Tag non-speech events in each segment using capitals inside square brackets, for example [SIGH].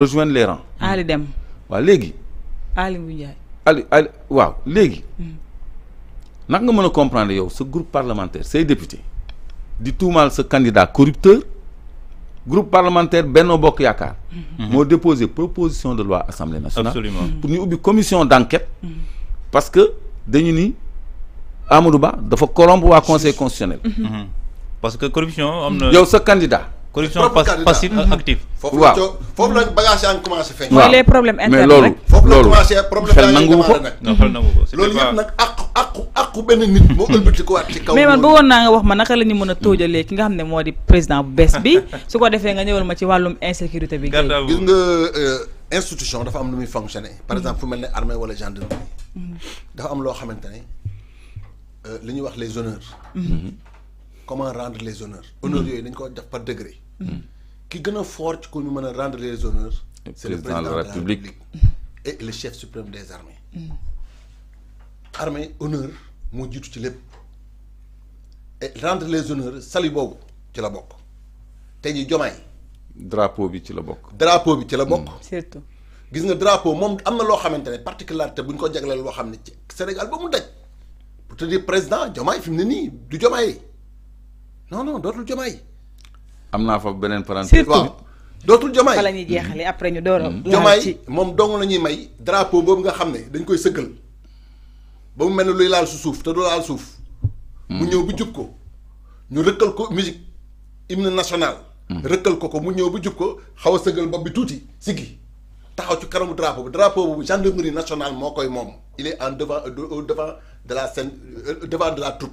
rejoindre les rangs. Mm. Allez, dem. Allez, oui, Allez, allez Allez, Ali Ali waaw Comment naka nga comprendre groupe parlementaire ces députés, dit tout mal ce candidat corrupteur groupe parlementaire Benno Bokk Yakar. déposer mm-hmm. déposé proposition de loi assemblée nationale. absolument mm-hmm. pour ñu une commission d'enquête, mm-hmm. parce que dañu ni il faut corrompre le conseil constitutionnel. parce que corruption on y yow ce candidat. corruption passive ak euh, active. waaw foofu la foofu la bagage yaa ngi problème xel nanguwu loolu [LAUGHS] mais man bëggoon naa nga wax ma naka la mën a tóojalee ki nga xam ne moo di président bu bees bi [LAUGHS] su ko defee nga ñëwal ma ci wàllum insécurité bi. gàllankoor gis euh, institution dafa am lu muy fonctionner par mm-hmm. exemple fu mel ne armée wala gendarmerie. Mm-hmm. dafa am loo xamante ne euh, li ñuy wax les honneurs. Mm-hmm. comment rendre les honneurs honneurs mm. yooyu dañ ko def par degré mm. ki Qui a fort ci ko a rendre les honneurs c'est le président de la république et le chef suprême des armées mm. armée honneur moo jiitu ci lépp et rendre les honneurs sali boobu ci la bokk tey ji jomaay drapeau bi ci la bokk drapeau bi ci la bokk surtout gis nga drapeau mom amna lo loo xamante ne particularité bu ko jagleel lo xamné ci Sénégal ba mu daj pour te dire président jomaay fimné ni du jomaay non non d'autres jomaay. am naa D'autres beneen parenthèse. surtout dootul la ñuy après ñu door mm-hmm. moom dong la ñuy may drapeau boobu nga xam dañ koy sëggal ba mel luy laal suuf te du laal suuf. mu mm-hmm. ñëw bu jub ñu rëkkal ko musique hymne national. Mm-hmm. rëkkal ko ko mu ñëw bu jub xaw a sëggal bopp bi taxaw ci karamu drapeau drapeau boobu gendarmerie il est en devant devant de la scène euh, devant de la troupe.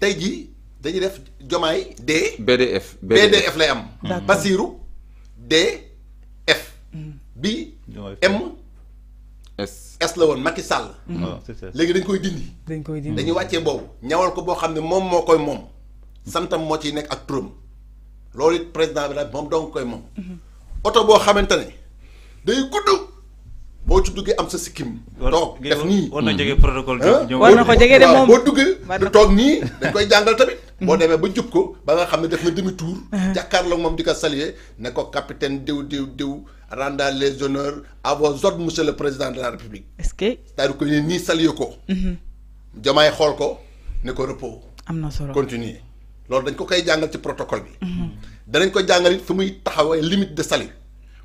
tey ji dañuy def jomaay D. BDF BDF lay am. Basirou DF. Mm. bi M. S S la woon Macky Sall. Mm. Ah, léegi dañ koy dindi. dañ koy dindi dañuy wàccee boobu. ñawal ko boo xam ne moom moo koy moom. santam moo ci nekk ak turam. loolu it président bi la moom dong koy moom. Mm-hmm. oto boo xamante ne day boo ci duggee am sa sikkim. toog def nii war na mm-hmm. jege protocole. war de moom boo duggee du toog nii [LAUGHS] dañ koy jàngal tamit. Mm-hmm. boo demee ba jub ko ba nga xam ne def na demi tour. Mm-hmm. jàkkaarloog moom di ko saluer ne ko capitaine diw diw diw. rendant les honneurs à vos ordres le président de la république. est-ce que. c'est-à-dire que ñu nii saluer ko. jamaay xool ko ne ko repos. am na solo continuer lool dañ ko koy jàngal ci protocole bi. danañ ko jàngal it fi muy taxawee limite de salut.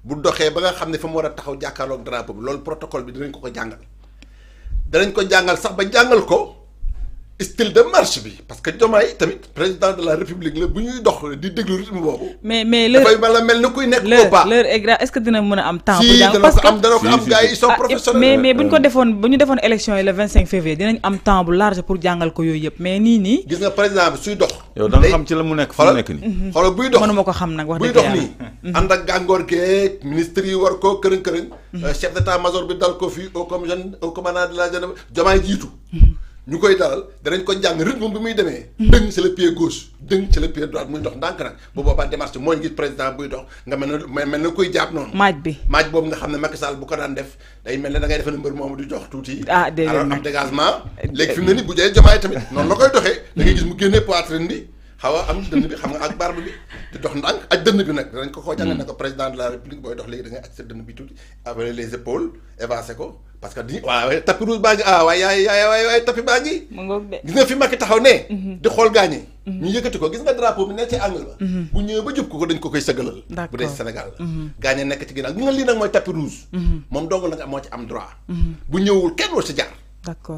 bu doxee ba nga xam ne fa mu war a taxaw jàkkaarloog drapeau bi loolu protocole bi dinañ ko ko jàngal danañ ko jàngal sax ba jàngal ko style de marche bi parce que Diomaye tamit président de la république le buñuy dox di déglu rythme bobu mais mais l'heure dafay mel mel ni kuy nekk pas. l'heure est grave est-ce que dina mëna am temps. bu jàng parce que am dana ko am gars ils sont ah, professionnels. mais mais buñ ko defoon buñu ñu élection yi le 25 février dinañ am temps bu large pour jàngal ko yooyu mais ni ni gis nga président bi suy dox. yow da nga xam ci la mu nekk fu mu nekk nii. Mhm. xoolal buy dox mënuma ko xam nak wax dëgg yàlla buy dox nii. Mhm. ànd ak gàngoor gee ministre yi war ko kërën kërën. Mhm. Euh, chef d'état-major bi dal ko fi au commandant de la gendarmerie Diomaye jiitu ñu koy dalal danañ ko jàng rythme bi muy demee. dëng c'est le pied gauche dëng c'est le pied droit muy dox ndànk nag bu boobaa démarche mooy ngir président buy dox nga mel ne mel na koy jàpp noonu. maaj bi maaj boobu nga xam ne Macky Sall bu ko daan def day mel ne da ngay defal mbër moomu di jox tuuti. ah déedéet alors am dégagement. Eh, eh. ne nii bu jëlee jomaay tamit noonu la koy doxee. da gis mu génnee poitrine bi. xaw a am dënn bi xam nga ak barbe bi di dox ndànk ak dënn bi nag danañ ko koo jàngal ne ko président de la république booy dox léegi da ak sa dënn bi tuuti avec les épaules évancé ko parce que di waaw tapis rouge baa ngi ah yaay yaay waay waay tapis baa ngi gis nga fi Macky taxaw ne mhm. di xool gaañi mhm. ñu yëkkati ko gis nga drapeau bi ne ci angle mhm. bu ñëwee ba jub ko ko dañ ko koy sëgalal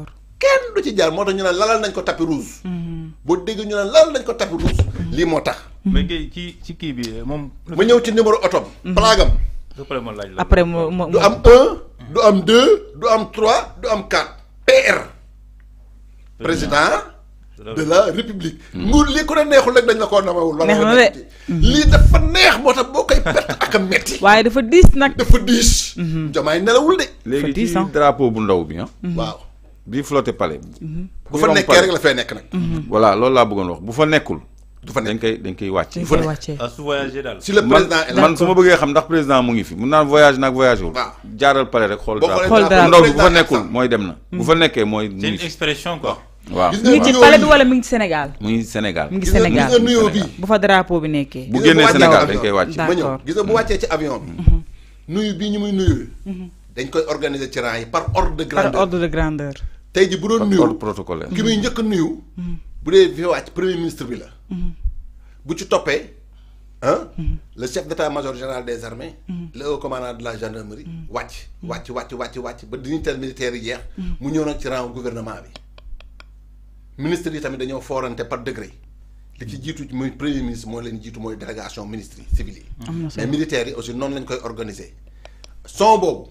bu kenn du ci jaar moo tax ñu naan lalal nañ ko tapis rouge. Mm-hmm. boo dégg ñu ne lalal nañ ko tapis rouge. Mm-hmm. lii moo tax. mais mm-hmm. ci ci kii bi moom. ma ñëw ci numéro oto am. plaagam. après moo mo du am un du am deux du am trois du am quatre. PR. président de la république. nguur lii ku ne neexul rek ko la koo namawul. na wala lii dafa neex moo tax boo koy perte ak a metti. waaye dafa diis nag. dafa diis. jomaay nelawul de. léegi ci drapeau bu ndaw bi waaw. bi flotté palais. Mhm. bu fa nekkee rek la fay nek nak mhm. mhm. voilà loolu la bëggone wax bu fa nekkul. du fa nekk dañ koy dañ koy wàcce. dañ koy ah, su voyagé dal si le président man man su ma xam ndax président mu ngi fi mun naan voyage nak voyage wul. jaaral palais rek xol dara ndaw bu fa nekkul moy dem na. bu fa nekkee moy c'est une expression quoi. waaw ngi ci palais bi wala mi ngi Sénégal. mu ngi Sénégal mi ngi Sénégal bu fa drapeau bi nekkee. bu génné Sénégal dañ koy wàcce. ma ñëw gis nga bu waccé ci avion bi. nuyu bi ñu muy nuyu. dañ koy organiser ci rang yi par ordre de grandeur par ordre de grandeur tey ji bu doon nuyu protocole ki muy njëkk nuyu bu dee fi premier ministre bi la bu ci toppee ah le chef d'état-major général des armées le haut commandant de la gendarmerie wàcc wàcc wàcc wàcc wàcc ba dignitaire militaire yi jeex mu ñëw nag ci rang gouvernement bi ministre yi tamit dañoo foorante par degré li ci jiitu muy premier ministre moo leen jiitu mooy délégation ministre civil yi mais militaires yi aussi noonu lañ koy organiser son boobu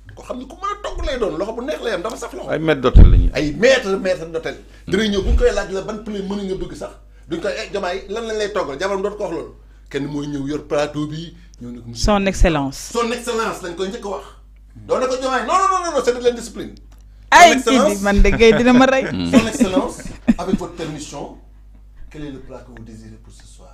koo xam ne ku mën a togg lay doon loxo bu neex lay am dafa saf ay maître d'hôtel la ñuy. ay maître maître d'hôtel. dinañ ñëw bu ñu koy laaj la ban plat mën nga bëgg sax duñ koy eh jamaay lan lañ lay toggal jabaram doot ko wax loolu kenn mooy ñëw yor plateau bi ñëw nag. son excellence. son excellence lañ koy njëkk wax. doon na ko jamaay non non non non c'est de la discipline. ay Sidi man de gay dina ma rey. [LAUGHS] son excellence avec votre permission quel est le plat que vous désirez pour ce soir.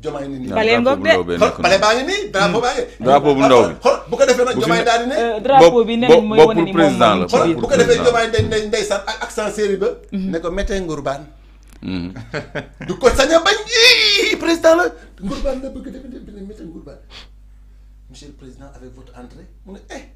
jomaay nit ñi. bale ngoog de xol bale baa ngi nii drapeau baa ngi. drapeau bu ndaw bi ko defee nag jomaay daal di ne. Euh, drapeau bi nen mooy wane ko defee jomaay ndey ba. Mhm. Mhm. [LAUGHS] du ko sañ a président la ngurbaan la bëgg a def méttee ngurbaan monsieur le président avec votre entrée mu ne eh.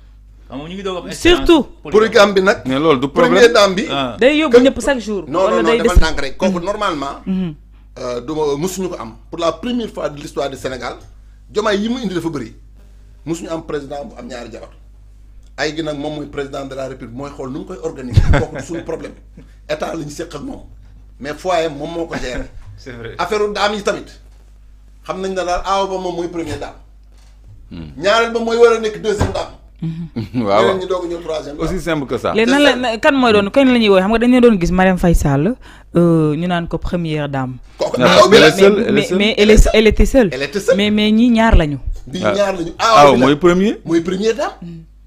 surtout pour doog am surtout bi nag. mais loolu du problème premier dame bi. Ah. day yóbbu ñep chaque jour. wala day des non non defal ndànk rek comme mm-hmm. normalement. Mm-hmm. euh ma mosuñu ko am pour la première fois de l'histoire du Sénégal jomaay yi mu indi dafa bëri mosuñu am président bu am ñaari jabar ay gi nak mom moy président de la république moy xol nu ngui koy organiser bokku [LAUGHS] du suñu problème état la ñu séq ak moom mais foyer mom moko gérer. [LAUGHS] c'est vrai affaire daam yi tamit xam nañ na daal aaw ba mom moy premier dame. Hmm. ñaareel ba moy war nek deuxième dame. Mm-hmm. [LAUGHS] waaw ñeneen ñi doog ñëw aussi simple que ça. léegi nan la kan mooy doon kañ la ñuy woowee xam nga dañu doon gis Marème Faye Sall euh, ñu naan ko première dame. Ah, mais mais elle est elle mais mais ñii ñaar lañu. bii ah. ah, mooy premier.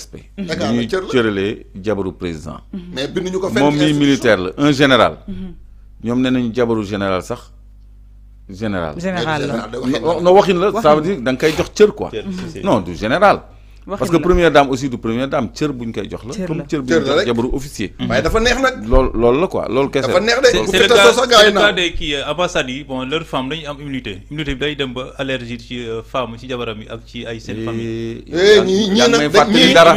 respect. Dakar ñuy cëralee président. Mhm. mais binduñu ko fenn moom mii militaire un général. Mhm. ñoom nee nañu jabaru général sax général. général non waxin la ça veut dire da nga koy jox cër quoi. Mhm. non du général. parce que première dame aussi du première dame cër buñ koy jox la comme cër buñ jox jabaru officier mhm. waaye dafa neex nag loolu loolu la quoi loolu kese dafa neex de c'est le cas de kii ambassades yi bon leur femme dañuy am immunité immunité bi day dem ba allergie ci euh, femme ci jabaram yi ak ci ay seen eh, famille eh, ñii ñii nag fàttali dara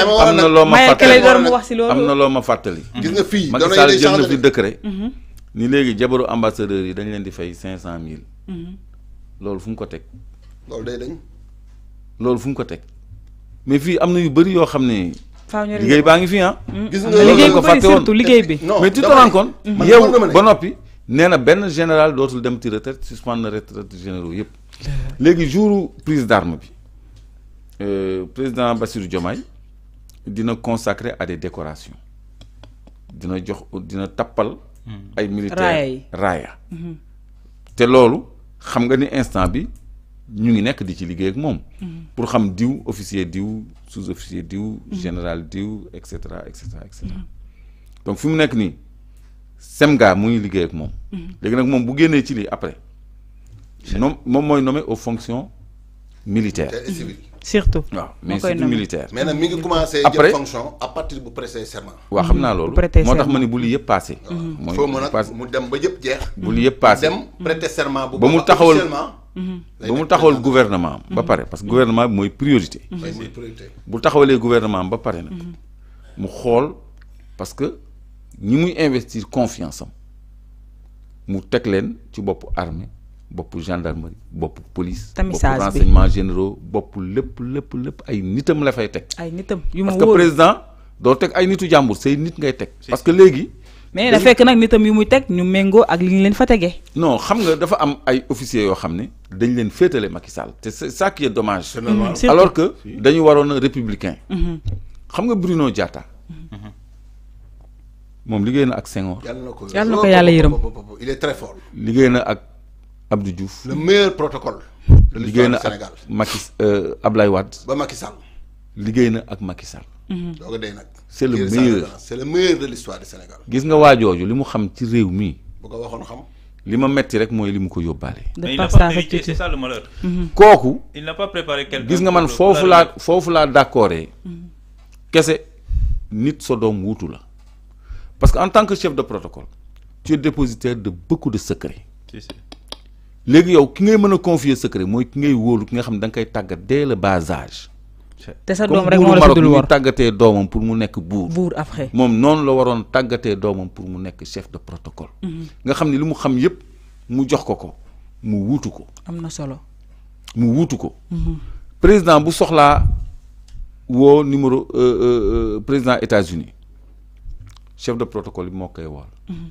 am na loo ma fàttali am na loo ma fàttali gis nga fii Macky Sall jël na fi décret mhm. ni léegi jabaru ambassadeurs yi dañ leen di fay cinq cent mille mhm. loolu fu mu ko teg loolu day dañ loolu fu mu ko teg mais fi amna yu bari yo xamné ne. liggéey baa fi hein ah. mm. gis nga liggéey mais tu te rends compte yow ba nopi néna na benn général dootul dem ti retraite suspendre na retraite généraux yépp légui jour prise d'armes bi euh, président Bassir Diomaye dina consacrer à des décorations dina jox dina tapal hmm. ay militaires raya té lolu xam nga ni instant bi ñu ngi nekk di ci liggéey ak moom. Mm-hmm. pour xam diw officier diw sous-officier diw. Mm-hmm. général diw et cetera et cetera et cetera. Mm-hmm. donc fi mu nekk nii SEMGA mu ngi liggéey ak moom. léegi nag moom bu génnee ci lii après. moom moom mooy nommé aux fonctions militaires. surtout. waaw mais surtout militaire. mais nag mi ngi commencé jël fonction à partir bu prêter serment. waaw xam naa loolu. moo tax ma ni bu lii yëpp passé. mooy paase foo mu mu dem ba yëpp jeex. bu lii yëpp passé. dem prêter serment. bu ba mu taxawal bu mu taxawal gouvernement ba pare parce que gouvernement bi mooy priorité. bu taxawalee gouvernement ba pare nag. Mhm. mu xool parce que ñi muy investir confiance am mu teg leen ci boppu armée boppu gendarmerie boppu police. tamisage bi boppu renseignements généraux boppu lépp lépp lépp ay nitam la fay teg. ay nitam yu parce que président doo teg ay nitu jàmbur say nit ngay teg. parce que léegi. mais da fekk nag nitam yu muy teg ñu méngoo ak li ñu leen fa tegee. non xam nga dafa am ay officiers yoo xam ne dañ leen féetale Macky Sall te c'est ça qui est dommage mmh, alors que dañu waroon a républicain mmh. xam nga Bruno Diatta moom liggéey na ak Senghor yàlla na ko yàlla yërëm il est très fort liggéey na ak Abdou Diouf le meilleur protocole de liggéey na ak Macky euh, Ablaye Wade ba Macky Sall liggéey na ak Macky Sall mmh. day nag c'est le meilleur c'est le meilleur de l'histoire du Sénégal gis nga waajooju li mu xam ci réew mii bu ko waxoon xam li ma metti rek mooy li mu ko yóbbaale. ça c'est ça le malheur. Mhm. kooku. il n'a pas préparé quelque gis nga man foofu laa foofu laa d'accord mhm. kese nit sa doom wuutu la parce que en tant que chef de protocole tu es dépositaire de beaucoup de secrets. léegi yow ki ngay mën a confier secret mooy ki ngay wóolu ki nga xam ne da nga koy tàggat dès le bas âge te sa doom rek moo la pour mu nekk buur après pour mu chef de protocole mhm. nga xam ne li mu xam yépp mu jox ko ko mu wuutu ko mhm. président bu soxlaa woo numéro euh, euh, euh, président États-Unis chef de protocole bi moo mhm.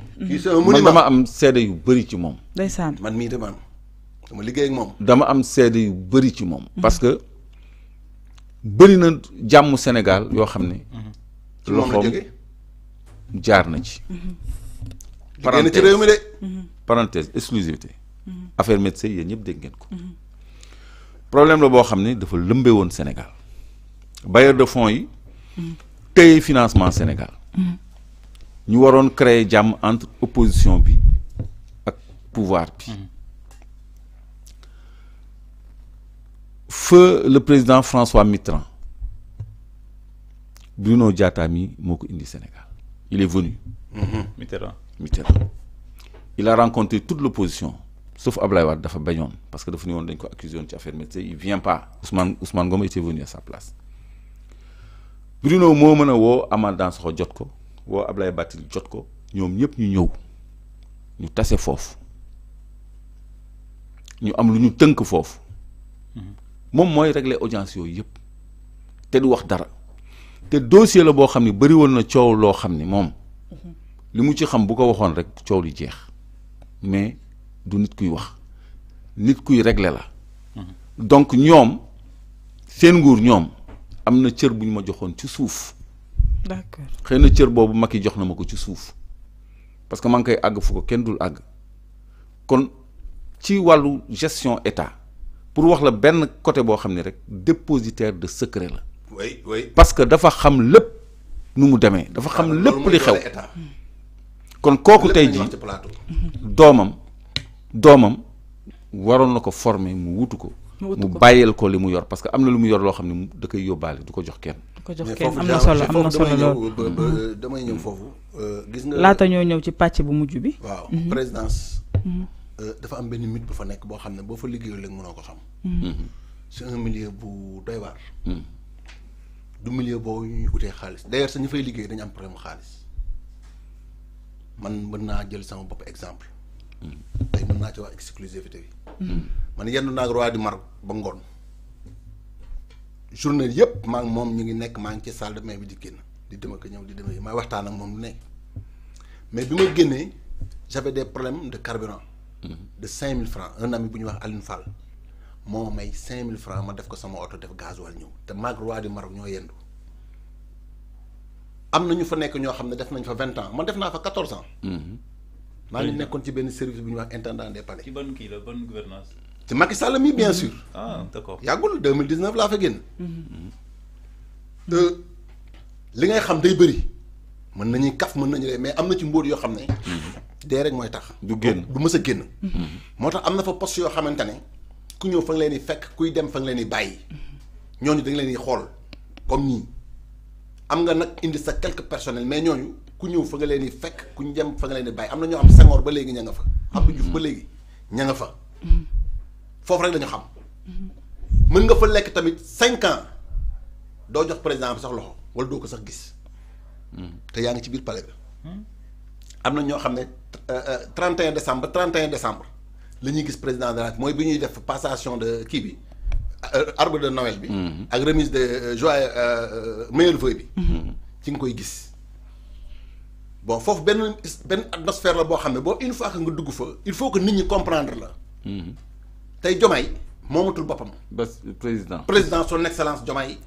kii mhm. c'est un monument man dama am seede yu bëri ci mom ndeysaan man mi dama am dama liggéey ak mom dama am seede yu bëri ci mom mhm. parce que bëri na jamm Sénégal yoo xam ne. Mhm. loxoom jaar na ci. liggéey na ci réew mi dé parenthèse exclusivité. affaire médecin yéen ñep dégg ngeen ko. problème la bo xamné dafa lembé won Sénégal bailleur de fonds yi. tey financement Sénégal. Nous créé créé jam entre opposition et pouvoir mhm. feu le président François Mitterrand Bruno Diatami, mi venu indi Sénégal il est venu. Mhm. Mitterrand Mitterrand. il a rencontré toute l'opposition sauf Ablaye Wade dafa parce que dafa ne won dañ ko accusé ci affaire il vient pas Ousmane Ousmane était venu à sa place Bruno mo meuna a woo Ablaye Bathily jot ko ñoom ñëpp ñu ñëw ñu tase foofu ñu am lu ñu tënk foofu moom mooy régler audience yooyu yëpp te du wax dara te dossier la boo xam ne bëri woon na coow loo xam ni moom li mu ci xam bu ko waxoon rek coow lu jeex mais du nit kuy wax nit kuy regle la donc ñoom seen nguur ñoom am na cër bu ñu ma joxoon ci suuf d'accord xëy na cër boobu Macky jox na ma ko ci suuf parce que maa ngi koy àgg fu ko kenn dul àgg kon ci wàllu gestion état pour wax la benn côté boo xam ne rek dépositaire de secret la. oui oui parce que dafa xam lépp nu mu demee. dafa xam ah, lépp li xew kon kooku tey jii doomam doomam waroon na ko former mu wutu ko. mu bàyyeel ko li mu yor parce que am na lu mu yor loo xam ne da koy yóbbaale du ko jox kenn. ko jox kenn am na solo am na solo lool damay ñëw foofu euh, gis nga laata ñoo ñëw ci pàcc bu mujj bi waaw mhm. présidence mhm. Euh, dafa am benn mythe bu fa nekk boo xam ne boo fa liggéeyul rek mënoo ko xam mhm. c'est un milieu bu doy waar du milieu boo ñuy utee xaalis d'ailleurs sax ñu fay liggéey dañu am problème xaalis man mën naa jël sama bopp exemple tey mën naa ci wax exclusivité bi man yenn naag roi du Maroc ba ngoon journée yep maa ngi moom ñu ngi nekk maa ngi ci salle de bain bi di kenn di dem ak ñew di dem ak may waxtaan ak mom lu mais bima ma j'avais des problèmes de carburant. de 5000 francs un ami bu ñuy wax Aline Fall moo may cinq francs ma def ko sama auto def gasoil ñew te maag roi du Maroc ñoo yendu am ñu fa nek ño xamne def nañ fa 20 ans man def naa fa 14 ans. Mhm. ma ngi nekkoon ci ben service bu ñuy wax intendant des palais. ci ban ki la bonne gouvernance ci Macky Sall mi bien mhm. sûr. ah d'accord yàggul 2019 laa fa génn. Euh, li ngay xam day bëri mën nañuy kaf mën nañu mais am na ci mbóot yoo xam ne. Mhm. dee rek mooy tax. du guen du mës guen génn. Mhm. moo tax am fa poste yo xamante ku ñew fa nga leen fekk kuy dem fa nga leen bayyi bàyyi ñooñu dañ leen xol comme ni am nga nak indi sa quelque personnel mais ñoñu ku ñew fa nga leen fekk ku ñu dem fa nga bayyi amna bàyyi am na ba légui ña nga fa. Abdou Diouf ba légui ña nga fa foofu rek la xam. mën nga fa lekk tamit 5 ans do jox président sax loxo wala doo ko sax gis. te yaa ngi ci biir palais bi. am na ñoo xam ne 31 euh, euh, décembre 31 décembre la ñuy gis président de la mooy bi ñuy def passation de kii bi euh, arbre de Noël bi. Mm-hmm. ak remise de joie meilleur vœux bi. Mm-hmm. ci nga koy gis. bon foofu benn benn atmosphère la boo xam ne boo une fois que nga dugg fa il faut que nit ñi comprendre la. Mm-hmm tey Diomaye moomatul boppam. le président président son excellence Diomaye.